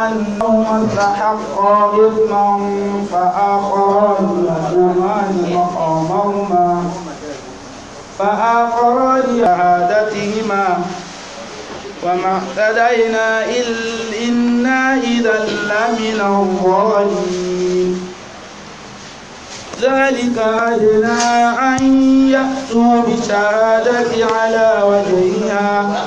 عنهما فحقا إثما فآخران مقامهما فآخران عادتهما وما اهتدينا إنا إذا لمن الظالمين ذلك أدنى أن يأتوا بشهادة على وجهها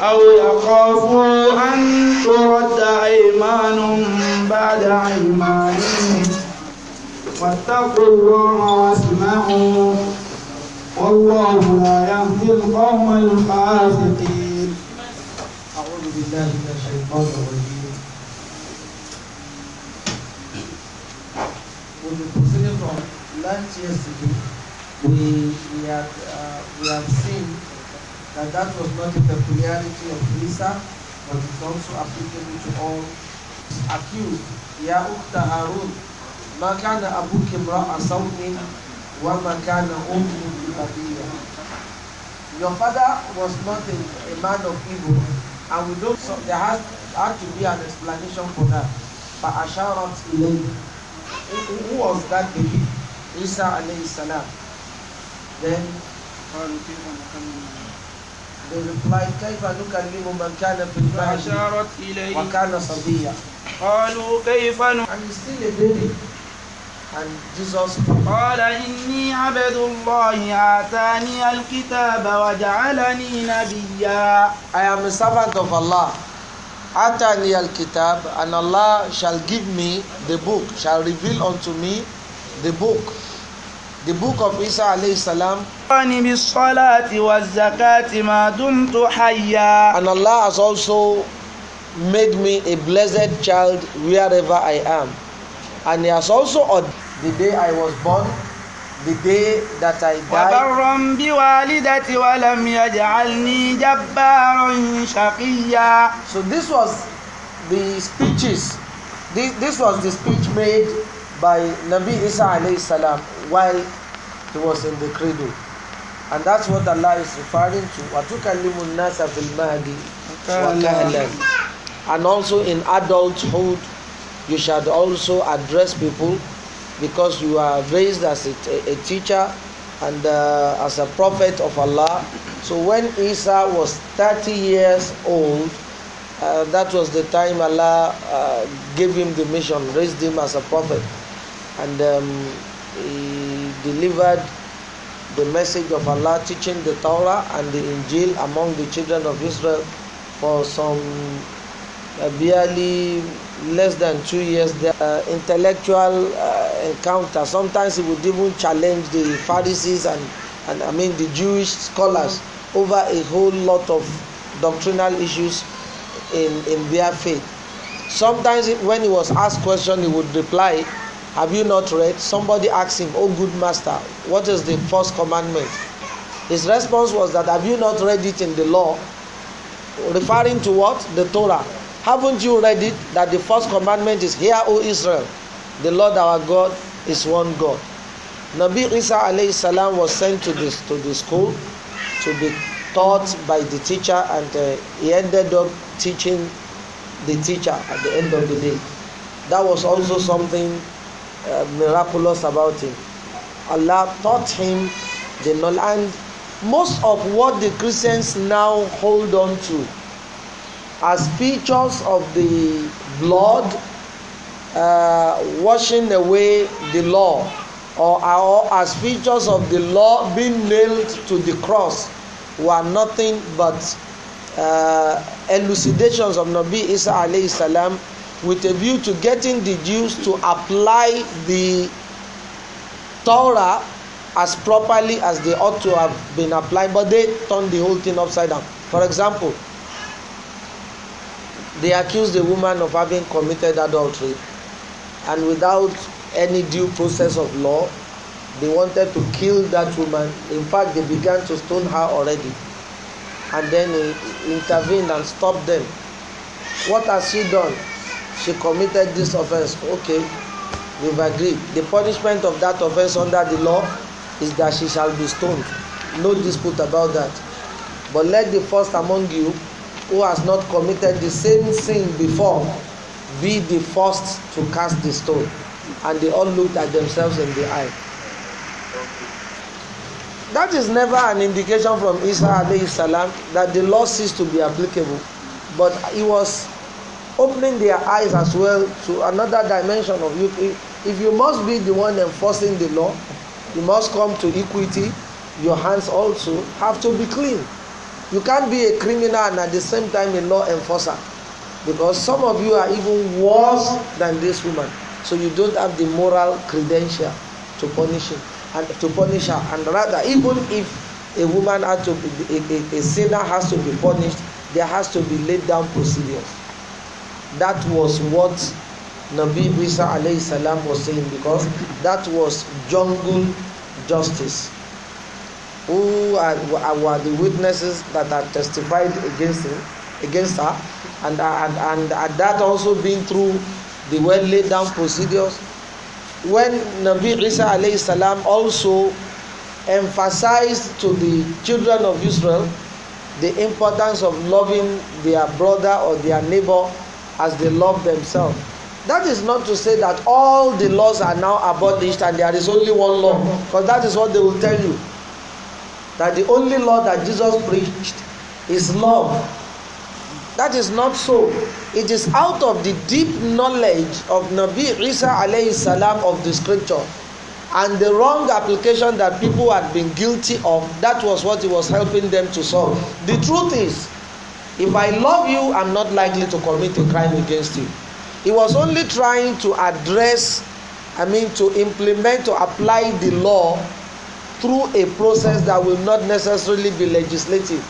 أو يخافوا أن ترد أيمان بعد أيمانهم واتقوا الله واسمعوا والله لا يهدي القوم الفاسقين أعوذ بالله من الشيطان الرجيم When we proceeded we, we, have, uh, we have seen that that was not a peculiarity of Isa, but it's also applicable to all accused. Ya Ukta Harun, ما كان أبوك امرأ صوم وما كان Your father was not a, a man of evil, and we don't. So there has had to be an explanation for that. But Asharat not who, who was that baby? Isa alayhi salam. Then. They replied, كيف نكلم من كان في المهد فأشارت إليه وكان صبيا قالوا كيف And he's still a baby. And Jesus قال إني عبد الله آتاني الكتاب وجعلني نبيا I am a servant of Allah آتاني الكتاب and Allah shall give me the book shall reveal unto me the book the book of Isa alayhi salam. And Allah has also made me a blessed child wherever I am. And He has also ordained the day I was born, the day that I died. So this was the speeches. This, this was the speech made by Nabi Isa alayhi salam while he was in the cradle. And that's what Allah is referring to. And also in adulthood, you should also address people because you are raised as a, a teacher and uh, as a prophet of Allah. So when Isa was 30 years old, uh, that was the time Allah uh, gave him the mission, raised him as a prophet. And um, he, delivered the message of Allah, teaching the Torah and the Injil among the children of Israel for some uh, barely less than two years. The uh, intellectual uh, encounter. Sometimes he would even challenge the Pharisees and, and I mean the Jewish scholars over a whole lot of doctrinal issues in, in their faith. Sometimes when he was asked questions, he would reply have you not read? Somebody asked him, Oh, good master, what is the first commandment? His response was that, Have you not read it in the law? Referring to what? The Torah. Haven't you read it? That the first commandment is, Hear, O Israel, the Lord our God is one God. Nabi Isa alayhi salam was sent to this to the school to be taught by the teacher, and uh, he ended up teaching the teacher at the end of the day. That was also something uh, miraculous about him. Allah taught him the knowledge. And most of what the Christians now hold on to as pictures of the blood uh, washing away the law, or, or as pictures of the law being nailed to the cross, were nothing but uh, elucidations of Nabi Isa alayhi salam with a view to getting the Jews to apply the Torah as properly as they ought to have been applied, but they turned the whole thing upside down. For example, they accused the woman of having committed adultery, and without any due process of law, they wanted to kill that woman. In fact, they began to stone her already, and then he intervened and stopped them. What has she done? she committed this offense okay we've agreed the punishment of that offense under the law is that she shall be stoned no dispute about that but let the first among you who has not committed the same sin before be the first to cast the stone and they all looked at themselves in the eye that is never an indication from isa alayhi salam that the law ceased to be applicable but it was opening their eyes as well to another dimension of you. If, if you must be the one enforcing the law, you must come to equity. Your hands also have to be clean. You can't be a criminal and at the same time a law enforcer because some of you are even worse than this woman. So you don't have the moral credential to punish him and to punish her. And rather, even if a woman has to be, a, a, a sinner has to be punished, there has to be laid down procedures. That was what Nabi Isa alayhi salam was saying because that was jungle justice. Who are, were the witnesses that are testified against him, against her, and and and, and that also been through the well laid down procedures. When Nabi Isa alayhi salam also emphasized to the children of Israel the importance of loving their brother or their neighbor as they love themselves. That is not to say that all the laws are now abolished and there is only one law, because that is what they will tell you. That the only law that Jesus preached is love. That is not so. It is out of the deep knowledge of Nabi Isa alayhi salam of the scripture and the wrong application that people had been guilty of. That was what he was helping them to solve. The truth is, If I love you, I'm not likely to commit a crime against you. He was only trying to address, I mean, to implement, to apply the law through a process that will not necessarily be legislative.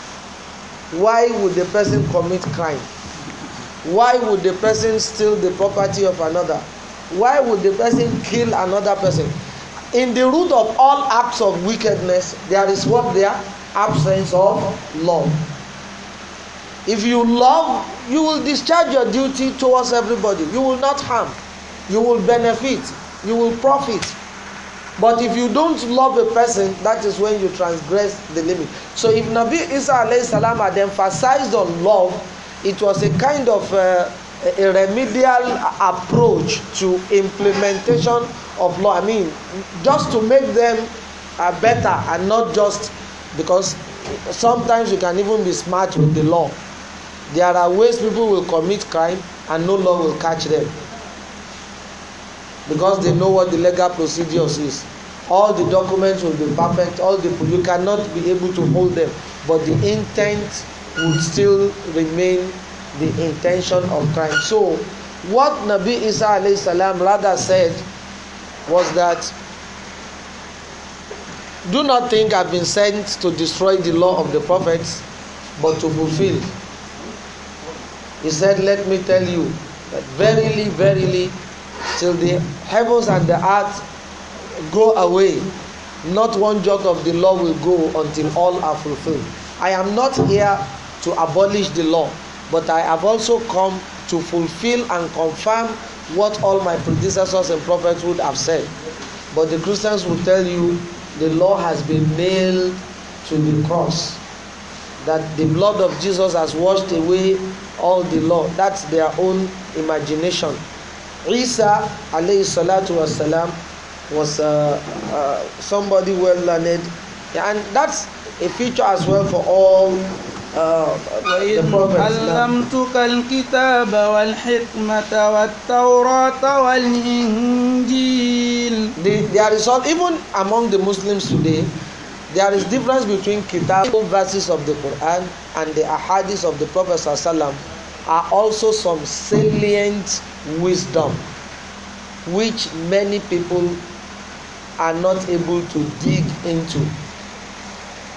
Why would the person commit crime? Why would the person steal the property of another? Why would the person kill another person? In the root of all acts of wickedness, there is what there? Absence of love. If you love, you will discharge your duty towards everybody. You will not harm. You will benefit. You will profit. But if you don't love a person, that is when you transgress the limit. So if Nabi Isa alayhi salam had emphasized on love, it was a kind of uh, a remedial approach to implementation of law. I mean, just to make them uh, better and not just because sometimes you can even be smart with the law. there are ways people will commit crime and no law will catch them because they know what the legal procedures is all the documents will be perfect all the you cannot be able to hold them but the intent would still remain the intention of crime so what nabi isa alayhi salam rather said was that do not think i've been sent to destroy the law of the prophets but to fulfill He said, Let me tell you that verily, verily, till the heavens and the earth go away, not one jot of the law will go until all are fulfilled. I am not here to abolish the law, but I have also come to fulfill and confirm what all my predecessors and prophets would have said. But the Christians will tell you the law has been nailed to the cross that the blood of Jesus has washed away all the law. That's their own imagination. Isa alayhi salatu wasalam was uh, uh, somebody well learned, and that's a feature as well for all uh, علمتك الكتاب والحكمة والتوراة والإنجيل. The, there is all, even among the Muslims today, there is difference between kitab verses of the Quran and the ahadith of the Prophet sallam are also some salient wisdom which many people are not able to dig into.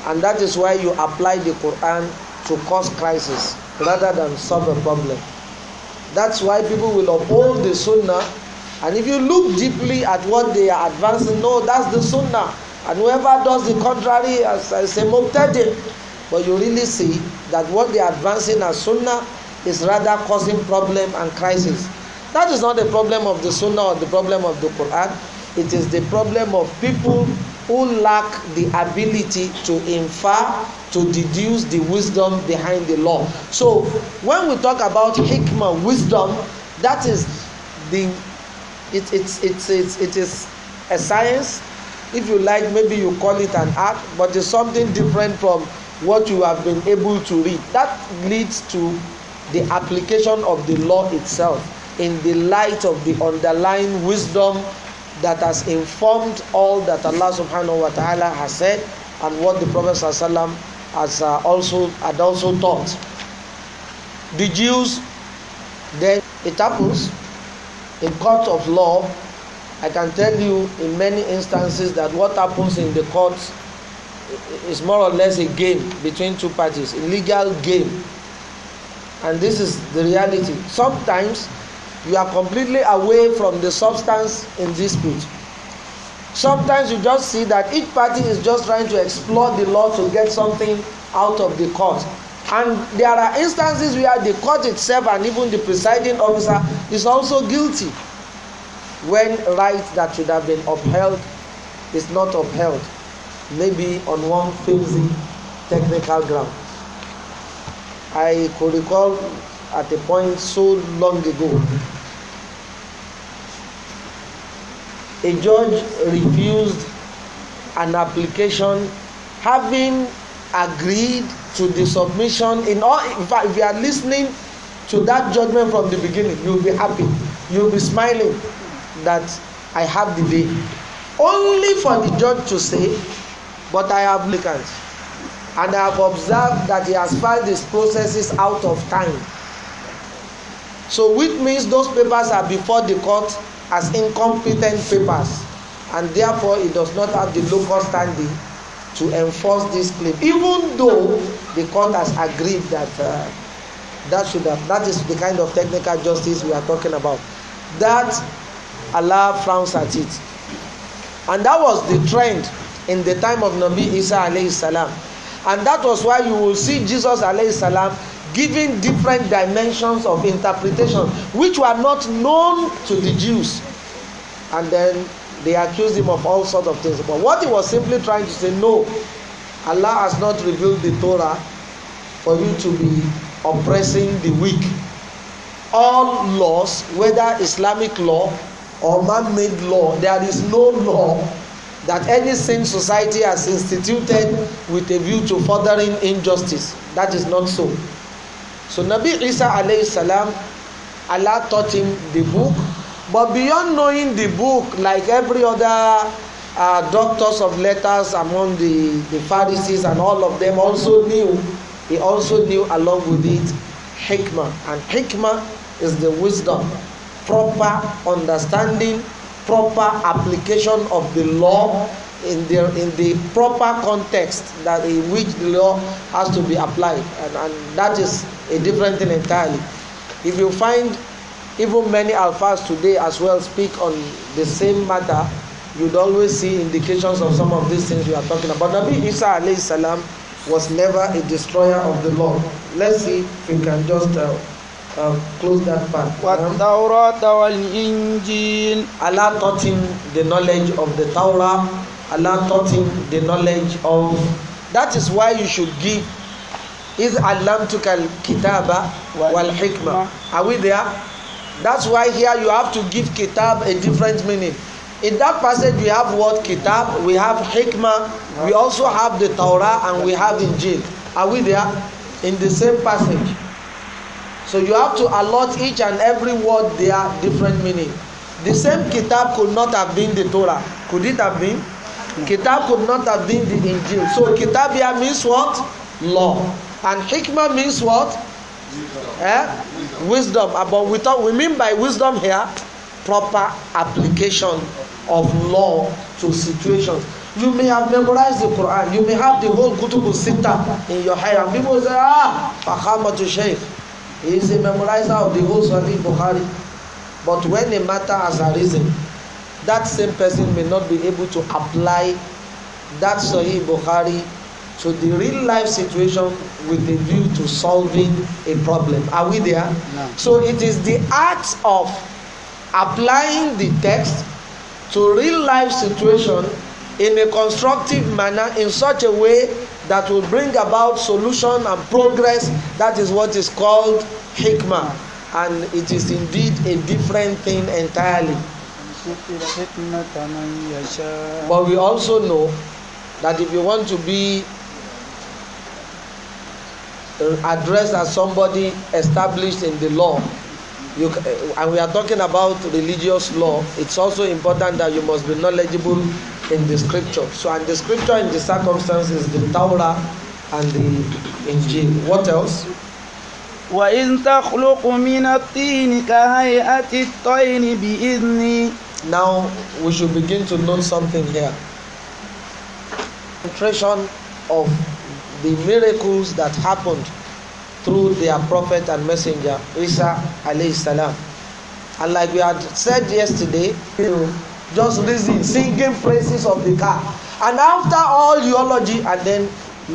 And that is why you apply the Quran to cause crisis rather than solve a problem. That's why people will uphold the Sunnah. And if you look deeply at what they are advancing, no, that's the Sunnah. And whoever does the contrary as I say mubtadi, but you really see that what they are advancing as sunnah is rather causing problem and crisis. That is not the problem of the Sunnah or the problem of the Quran. It is the problem of people who lack the ability to infer, to deduce the wisdom behind the law. So, when we talk about hikmah, wisdom, that is the it, it it it's, it is a science if you like maybe you call it an act but it's something different from what you have been able to read that leads to the application of the law itself in the light of the underlying wisdom that has informed all that Allah subhanahu wa ta'ala has said and what the Prophet has uh, also had also taught. The Jews then it happens in court of law I can tell you in many instances that what happens in the courts is more or less a game between two parties, a legal game. And this is the reality. Sometimes you are completely away from the substance in dispute. Sometimes you just see that each party is just trying to explore the law to get something out of the court. And there are instances where the court itself and even the presiding officer is also guilty when rights that should have been upheld is not upheld, maybe on one flimsy technical ground. I could recall at a point so long ago, a judge refused an application having agreed to the submission in all in fact if you are listening to that judgment from the beginning you will be happy you will be smiling that I have the day, only for the judge to say, but I have applicants. And I have observed that he has filed his processes out of time. So, which means those papers are before the court as incompetent papers, and therefore it does not have the local standing to enforce this claim, even though the court has agreed that uh, that should have, that is the kind of technical justice we are talking about. That Allah frowns at it. And that was the trend in the time of Nabi Isa alayhi salam. And that was why you will see Jesus alayhi salam giving different dimensions of interpretation which were not known to the Jews. And then they accused him of all sorts of things. But what he was simply trying to say, no, Allah has not revealed the Torah for you to be oppressing the weak. All laws, whether Islamic law or man made law, there is no law that any sane society has instituted with a view to furthering injustice. That is not so. So Nabi Isa alayhi salam, Allah taught him the book, but beyond knowing the book, like every other uh, doctors of letters among the, the Pharisees and all of them also knew, he also knew along with it hikmah. And hikmah is the wisdom proper understanding proper application of the law in the in the proper context that in which the law has to be applied and and that is a different thing entirely if you find even many alfas today as well speak on the same matter you'd always see indications of some of these things we are talking about nabi isa alayhi salam was never a destroyer of the law let's see if we can just uh, uh, close that part. والتوراة والإنجيل um, Allah taught him the knowledge of the Torah Allah taught him the knowledge of that is why you should give Is Allah إذ علمتك wal hikma? are we there that's why here you have to give kitab a different meaning in that passage we have what kitab we have hikmah we also have the Torah and we have Injil are we there in the same passage So you have to allot each and every word their different meaning. The same kitab could not have been the Torah. Could it have been? Kitab could not have been the Injil. So kitabia means what? Law. And hikma means what? Eh? Wisdom. Ah, but we, talk, we mean by wisdom here proper application of law to situations. You may have memorized the Quran. You may have the whole Kutub Sita in your head. And people say, ah, Fahamatu Shaykh. He is a memorizer of the whole Sahih Bukhari. But when a matter has arisen, that same person may not be able to apply that Sahih Bukhari to the real life situation with a view to solving a problem. Are we there? No. So it is the art of applying the text to real life situation in a constructive manner in such a way that will bring about solution and progress that is what is called hikmah and it is indeed a different thing entirely but we also know that if you want to be addressed as somebody established in the law you, eh, and we are talking about religious law it's also important that you must be knowledgeable in the scripture. So, and the scripture in the circumstances, is the Torah and the Injil. What else? وإن تخلق من الطين كهيئة بإذني Now we should begin to note something here. Concentration of the miracles that happened through their prophet and messenger Isa alayhi salam. And like we had said yesterday, just reason singing praises of the car and after all eulogy and then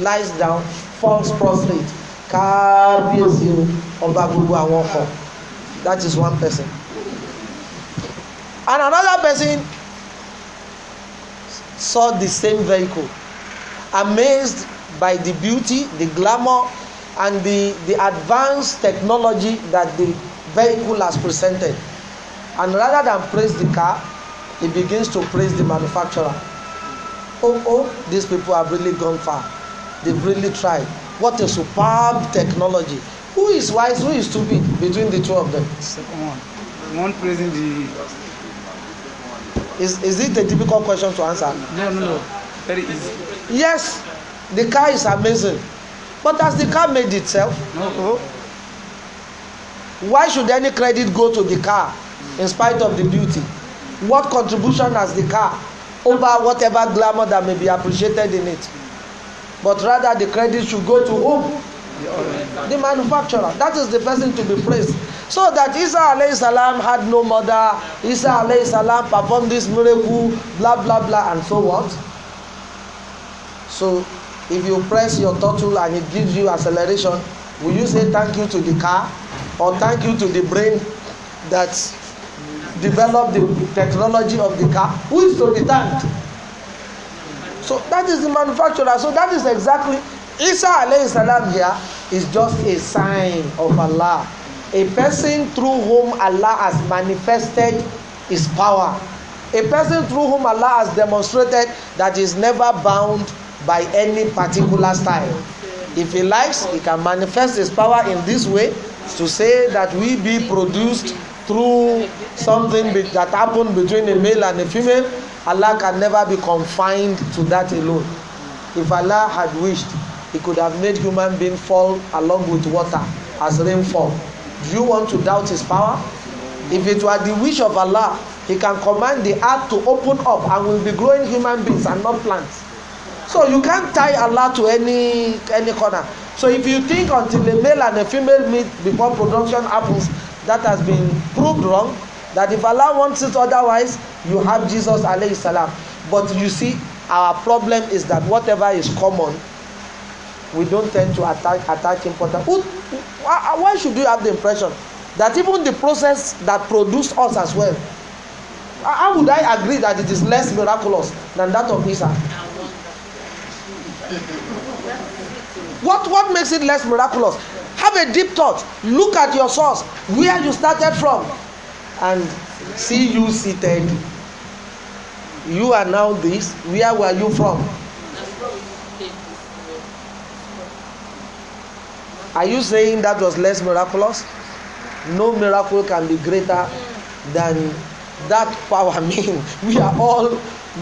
lies down falls prostrate kábíyèsí ọba gbogbo àwọn ọkọ that is one person and another person saw the same vehicle amazed by the beauty the glamour and the the advanced technology that the vehicle has presented and rather than praise the car he begins to praise the manufacturer oh oh these people have really gone far they've really tried what a superb technology who is wise who is stupid between the two of them. second one one praising the. is is it a difficult question to answer. no no no very easy. yes the car is amazing but as the car made itself. no. uh why should any credit go to the car in spite of the beauty what contribution has the car over whatever glamour that may be appreciated in it but rather the credit should go to whom the manufacturer that is the person to be praised so that isa alayhi had no mother isa alayhi salam performed this miracle blah blah blah and so what so if you press your throttle and it gives you acceleration will you say thank you to the car or thank you to the brain that develop the technology of the car who is to be thanked so that is the manufacturer so that is exactly isa alayhi salam here is just a sign of allah a person through whom allah has manifested his power a person through whom allah has demonstrated that he is never bound by any particular style if he likes he can manifest his power in this way to say that we be produced through something be, that happened between a male and a female, Allah can never be confined to that alone. If Allah had wished, He could have made human being fall along with water as rainfall. Do you want to doubt His power? If it were the wish of Allah, He can command the earth to open up and will be growing human beings and not plants. So you can't tie Allah to any any corner. So if you think until a male and a female meet before production happens, that has been proved wrong that if allah wants it otherwise you have jesus alayhi salam but you see our problem is that whatever is common we don't tend to attack attack important who why should you have the impression that even the process that produced us as well how would i agree that it is less miraculous than that of isa what what makes it less miraculous have a deep thought look at your source where you started from and see you seated you are now this where were you from are you saying that was less miraculous no miracle can be greater than that power mean we are all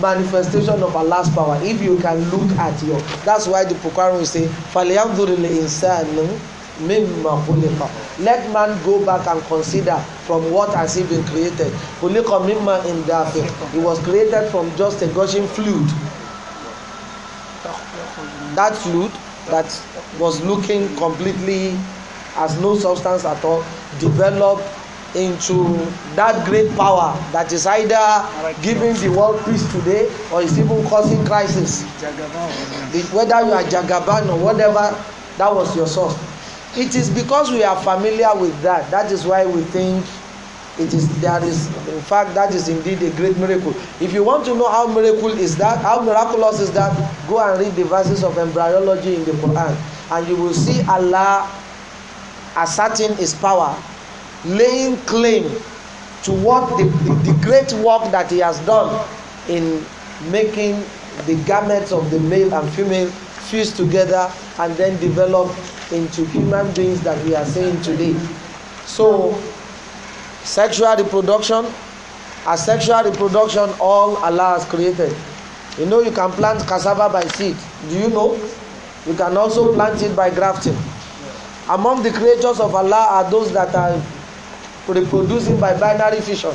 manifestation of Allah's power if you can look at your that's why the Quran will say فَلْيَنْظُرِ الْإِنسَانُ mimma let man go back and consider from what has he been created khuliqa mimma in dafiq he was created from just a gushing fluid that fluid that was looking completely as no substance at all developed into that great power that is either giving the world peace today or is even causing crisis whether you are jagaban or whatever that was your source it is because we are familiar with that that is why we think it is there is in fact that is indeed a great miracle if you want to know how miracle is that how miraculous is that go and read the verses of embryology in the quran and you will see allah asserting his power laying claim to what the, the, the great work that he has done in making the garments of the male and female fuse together and then develop into human beings that we are seeing today. So, sexual reproduction, asexual reproduction, all Allah has created. You know, you can plant cassava by seed. Do you know? You can also plant it by grafting. Among the creatures of Allah are those that are reproducing by binary fission.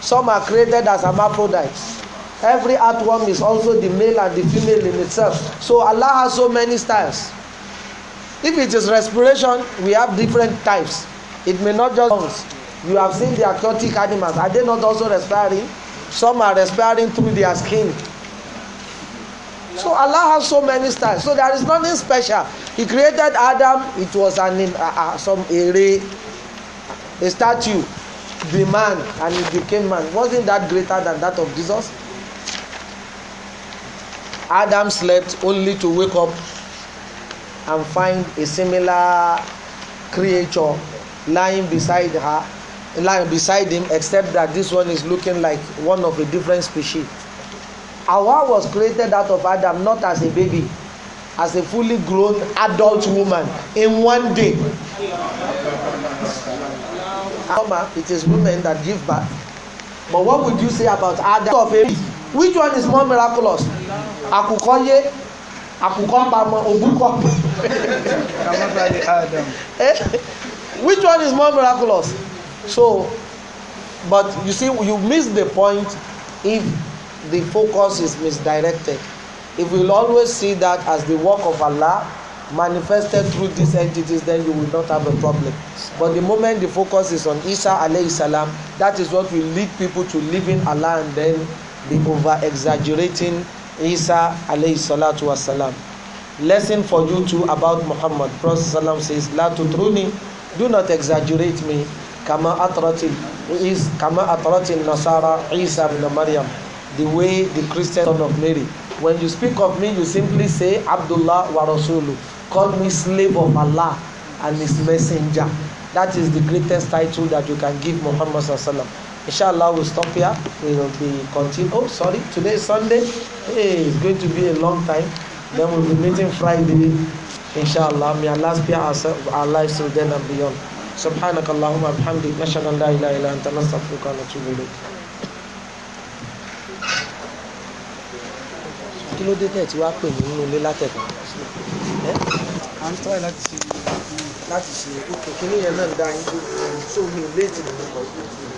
Some are created as hermaphrodites Every earthworm is also the male and the female in itself. So Allah has so many styles. If it is respiration, we have different types. It may not just lungs. You have seen the aquatic animals. Are they not also respiring? Some are respiring through their skin. So Allah has so many styles. So there is nothing special. He created Adam. It was an uh, uh, some array, a statue, the man, and he became man. Wasn't that greater than that of Jesus? Adam slept only to wake up and find a similar creature lying beside her lying beside him except that this one is looking like one of a different species Hawa was created out of Adam not as a baby as a fully grown adult woman in one day it is women that give birth but what would you say about Adam of a baby which one is more miraculous àkùkọ yé àkùkọ pamọ́ òbúkọ which one is more miraculous so but you see you miss the point if the focus is misdirected if we we'll always see that as the work of Allah manifested through these entities then you will not have a problem but the moment the focus is on Isa alayhi salam that is what will lead people to living Allah and then be over exaggerating Isa alayhi salatu wa salam. Lesson for you too about Muhammad. Prophet Salam says, La tutruni, do not exaggerate me. Kama atratin, is kama atratin Nasara Isa ibn Maryam. The way the Christian son of Mary. When you speak of me, you simply say Abdullah wa Rasulu. Call me slave of Allah and his messenger. That is the greatest title that you can give Muhammad Sallallahu Alaihi Wasallam. Inshallah, we'll stop here. We will be continue. Oh, sorry, today is Sunday. Hey, it's going to be a long time. Then we'll be meeting Friday. Inshallah, may Allah spare our lives till then and beyond. سبحانك اللهم وبحمدك نشهد ان لا اله الا انت نستغفرك ونتوب اليك kí ló dé tẹ̀ tí wàá pè mí nínú ilé látẹ̀kọ́. à ń tọ́ ẹ láti ṣe láti ṣe kókò kí yẹn náà dá yín tó mi léètì nínú ọdún.